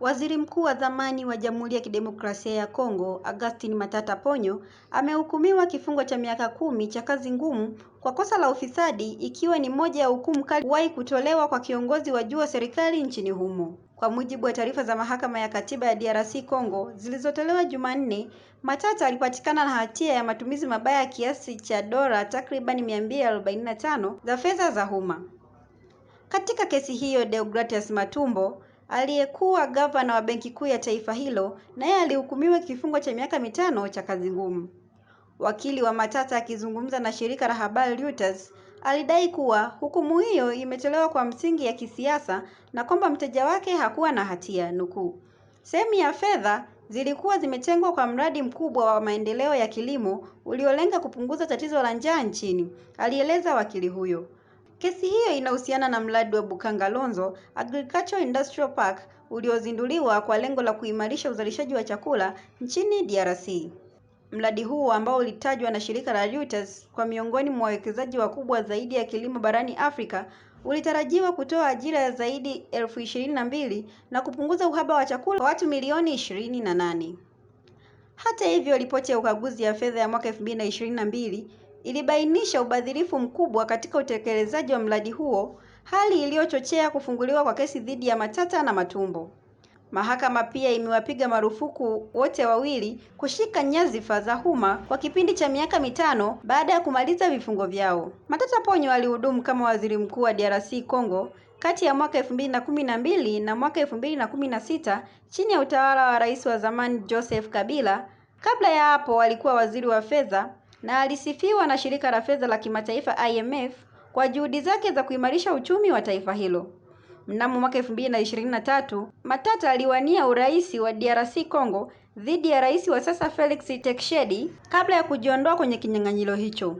Waziri Mkuu wa zamani wa Jamhuri ya Kidemokrasia ya Kongo, Augustin Matata Ponyo, amehukumiwa kifungo cha miaka kumi cha kazi ngumu kwa kosa la ufisadi ikiwa ni moja ya hukumu kali kuwahi kutolewa kwa kiongozi wa juu wa serikali nchini humo. Kwa mujibu wa taarifa za Mahakama ya Katiba ya DRC Congo zilizotolewa Jumanne, Matata alipatikana na hatia ya matumizi mabaya ya kiasi cha dola takribani 245 za fedha za umma. Katika kesi hiyo, Deogratias Matumbo Aliyekuwa gavana wa Benki Kuu ya taifa hilo naye alihukumiwa kifungo cha miaka mitano cha kazi ngumu. Wakili wa Matata akizungumza na shirika la habari Reuters alidai kuwa hukumu hiyo imetolewa kwa msingi ya kisiasa na kwamba mteja wake hakuwa na hatia nukuu. Sehemu ya fedha zilikuwa zimetengwa kwa mradi mkubwa wa maendeleo ya kilimo uliolenga kupunguza tatizo la njaa nchini, alieleza wakili huyo. Kesi hiyo inahusiana na mradi wa Bukangalonzo Agricultural Industrial Park uliozinduliwa kwa lengo la kuimarisha uzalishaji wa chakula nchini DRC. Mradi huu ambao ulitajwa na shirika la Reuters kwa miongoni mwa wawekezaji wakubwa zaidi ya kilimo barani Afrika ulitarajiwa kutoa ajira ya zaidi elfu ishirini na mbili na kupunguza uhaba wa chakula kwa watu milioni ishirini na nane. Hata hivyo, ripoti ya ukaguzi ya fedha ya mwaka 2022 ilibainisha ubadhirifu mkubwa katika utekelezaji wa mradi huo, hali iliyochochea kufunguliwa kwa kesi dhidi ya Matata na Matumbo. Mahakama pia imewapiga marufuku wote wawili kushika nyadhifa za umma kwa kipindi cha miaka mitano baada ya kumaliza vifungo vyao. Matata Ponyo alihudumu kama waziri mkuu wa DRC Congo kati ya mwaka 2012 na mwaka 2016 chini ya utawala wa rais wa zamani Joseph Kabila. Kabla ya hapo, alikuwa waziri wa fedha na alisifiwa na shirika la fedha la kimataifa IMF kwa juhudi zake za kuimarisha uchumi wa taifa hilo. Mnamo mwaka 2023, Matata aliwania urais wa DRC Congo dhidi ya rais wa sasa Felix Tshisekedi kabla ya kujiondoa kwenye kinyang'anyiro hicho.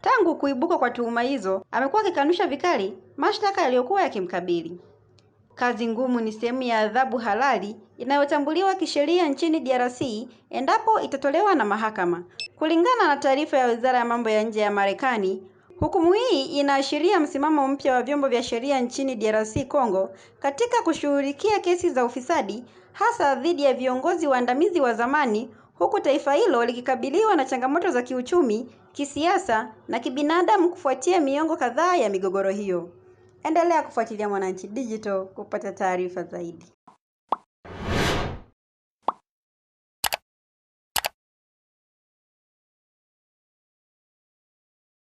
Tangu kuibuka kwa tuhuma hizo, amekuwa akikanusha vikali mashtaka yaliyokuwa yakimkabili. Kazi ngumu ni sehemu ya adhabu halali inayotambuliwa kisheria nchini DRC endapo itatolewa na mahakama, Kulingana na taarifa ya Wizara ya Mambo ya Nje ya Marekani, hukumu hii inaashiria msimamo mpya wa vyombo vya sheria nchini DRC Congo katika kushughulikia kesi za ufisadi hasa dhidi ya viongozi waandamizi wa zamani, huku taifa hilo likikabiliwa na changamoto za kiuchumi, kisiasa na kibinadamu kufuatia miongo kadhaa ya migogoro hiyo. Endelea kufuatilia Mwananchi Digital kupata taarifa zaidi.